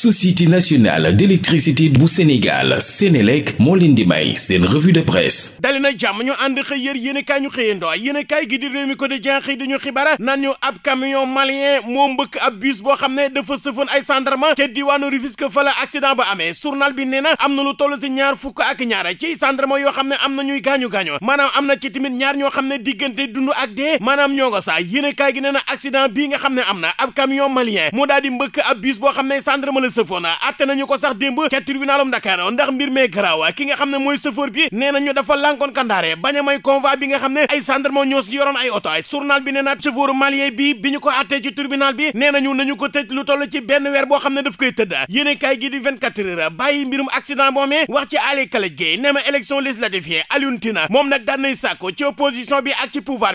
société nationale d'électricité bu Sénégal Sénélec moo leen di may seen revue de presse dali jàmm ñu ànd xëy yër yéen i kaay ñu xëyandoo yéen i kaay gi di réew mi ko di jenxëy dañu xibara nan ñu ab camion malien moo mbëkk ab bus boo xam ne dafa sëfoon ay gendarme ca diwaanu Rufisque fa la accident ba amee journal bi nee am na lu toll si ñaar fukk ak ñaara ci gendarme yoo xam ne am na ñuy gaañu-gaañoo maanaam am na ci tamit ñaar ñoo xam ne diggante dund ak dee maanaam ñoo nga xam ne na ab camion malien moo ne gendarme Safona atte nañu ko sax démb ca tribunalum Dakar ndax mbir mee garaaw ki nga xam ne mooy chauffeur bi nee nañu dafa lànkoon kandaare bañ a bi nga xam ne ay gendarme ñoo si yoroon ay oto ay journal bi nee nañu nañu ko tëj lu toll ci benn weer boo xam ne daf koy tëdd yéene kaay gi di 24 heures bàyyi mbirum accident boomee wax ci Aly Kalaj Gueye nee ma élection législative yi Alioune Tine moom nag daan nay sàkko ci opposition bi ak ci pouvoir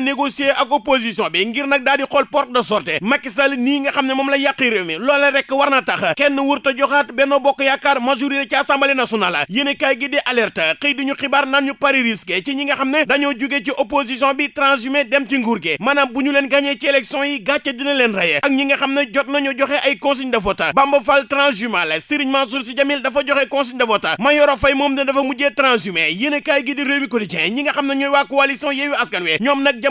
a négocier ak opposition bi ngir nag daal di xool porte de sortie Macky Sall nga xam ne moom la yàqi mi loola rek war na tax kenn wër joxaat Benno Bokk Yaakaar majorité ci assemblée nationale yéene kaay gi di alerte xëy di xibaar naan ñu pari risqué ci ñi nga xam ne dañoo jóge ci opposition bi transhumé dem ci nguur gi maanaam bu ñu leen gàñee ci élection yi gàcce dina leen reye ak ñi nga xam ne jot nañu joxe ay consigne de vote Bamba Fall transhumé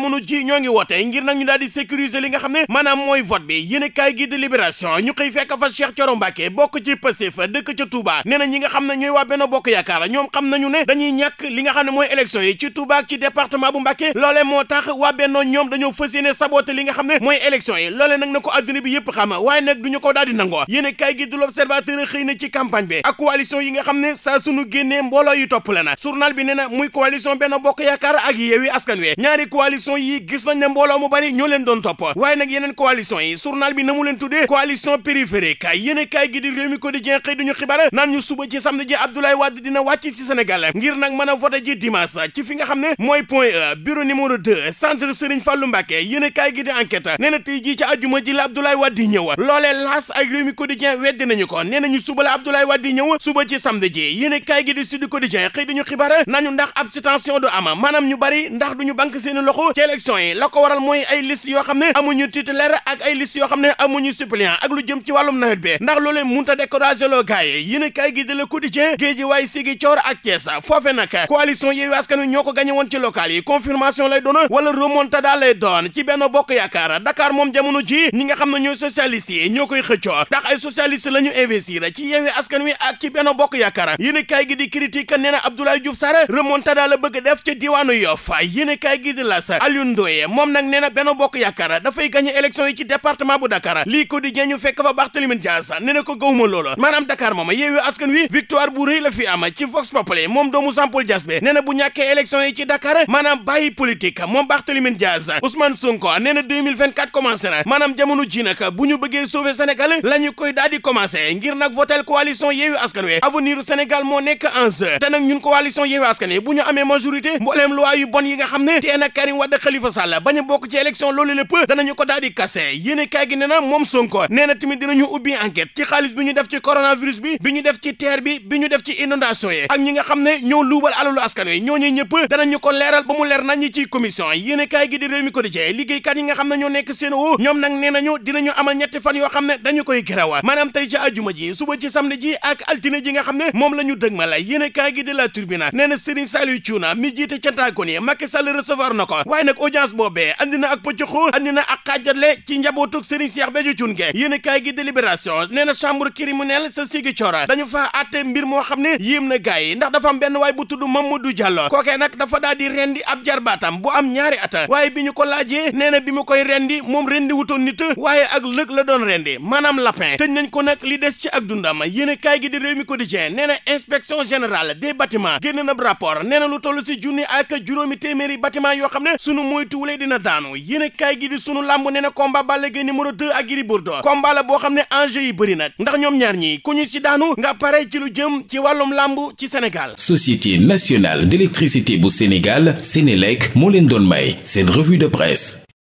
jamono ji ñoo ngi woote ngir nag ñu daal di sécuriser li nga xam ne maanaam mooy vote bi yéen kaay gi de libération ñu xëy fekk fa Cheikh Thioro Mbacké bokk ci Pastef dëkk ca Touba nee na ñi nga xam ne ñooy waa Benno Bokk Yaakaar ñoom xam nañu ne dañuy ñàkk li nga xam ne mooy élection yi ci Touba ak ci département bu Mbacké loolee moo tax waa Benno ñoom dañoo fas yéene saboter li nga xam ne mooy élection yi loolee nag na ko adduna bi yëpp xam waaye nag duñu ko daal di nangoo yéen kaay gi de l'Observateur xëy ci campagne bi yi nga xam ne saa suñu génnee mbooloo yu topp la bi nee na muy coalition Benno Bokk Yaakaar ak Yewwi Askan Wi ñaari coalition yi gis nañ ne mbooloo mu bari ñoo leen doon topp ñu a voté ji dimanche ci fi nga xam ne mooy point e bureau numéro 2 centre na tey jii ci àjjuma ji la Abdoulaye Wade di ñëw ko nee nañu suba la Abdoulaye ñëw suba ci samedi ji yéen kaay gi di Sud Quotidien xëy nañu ndax abstention du am maanaam ñu bari ndax duñu bank seen loxo ci yi la ko waral mooy ay liste yoo xam ne amuñu titulaire ak ay liste yoo xam ne amuñu suppléant ak lu jëm ci wàllum nawet bi ndax loolee munta découragé loo gars yi yéen a kaay gi de Le Quotidien géej waay sigi coor ak Thiès foofe nag coalition Yewwi Askan Wi ñoo ko gañe woon ci local yi confirmation lay doon wala remontada lay doon ci benn bokk yaakaar Dakar moom jamono ji ñi nga xam ne ñooy socialiste yi ñoo koy xëccoo ndax ay socialiste la ñu investir ci Yewwi Askan Wi ak ci benn bokk yaakaar yéen a kaay gi di critique nee na Abdoulaye Diouf Sarr remontada la bëgg def ci diwaanu Yoff a Alioune lii ko di ñu fekk fa Barthélémy Dias nee na ko gawuma loola maanaam Dakar moom yeewu askan wi victoire bu rëy la fi am ci Vox Populi moom doomu Sampol Dias bi bu ñàkkee élection yi ci Dakar maanaam bàyyi politique moom Barthélémy Dias Ousmane Sonko nee na 2024 commencé na maanaam jamono ji nag bu ñu bëggee sauver Sénégal la koy daal di ngir nag votel coalition yeewu askan wi avenir Sénégal moo nekk en jeu ñun coalition yeewu askan Wade Khalifa Sall bañ a bokk ci élection loolu lépp danañu ko daal di kase yéene kaay gi nee na moom Sonko nee na tamit dinañu ubbi enquête ci xaalis bi ñu def ci coronavirus bi bi ñu def ci terre bi bi ñu def ci inondation yi ak ñi nga xam ne ñoo luubal alalu askan ñoo ñooñu ñëpp danañu ko leeral ba mu leer nañu ci commission yéene kaay gi di réew mi ko di jee liggéeykat yi nga xam ne ñoo nekk seen o ñoom nag nee nañu dinañu amal ñetti fan yoo xam ne dañu koy gerawa maanaam tey ci àjjuma ji suba ci samedi ak altine ji nga xam ne moom la ñu dëg ma la yéene kaay gi di la turbina nee na Serigne Saliou Thiouna mi jiite cantaakon yi Macky Sall recevoir na ko waaye audience boobee andi na ak pëccaxoo andi na ak xaajale ci njabootug Serigne Cheikh Béthio Thioune Gaye yéen a kaay gi délibération nee na chambre criminelle sa Ziguinchor dañu fa àtte mbir moo xam ne yéem na gars yi ndax dafa am benn waay bu tudd Mamadou Diallo kookee nag dafa daal di rendi ab jarbaatam bu am ñaari at waaye bi ñu ko laajee nee na bi mu koy rendi moom rendi wutoon nit waaye ak lëg la doon rendi maanaam lapin tëj nañ ko nag li des ci ak dunda yéen a kaay gi di réew nee na inspection générale des bâtiments génn na rapport nee na lu toll si junni ak juróomi téeméeri bâtiment yoo xam ne sunu moytuwulee dina daanu yéen a kaay sunu làmb ne na combat Balla Gaye numéro 2 ak Gris Bordeaux combat la boo xam ne enjeu yi bëri na ndax ñoom ñaar ñi ku ñu si daanu nga pare ci lu jëm ci wàllum làmb ci Sénégal Société nationale d'électricité bu Sénégal Sénélec moo leen doon may seen revue de presse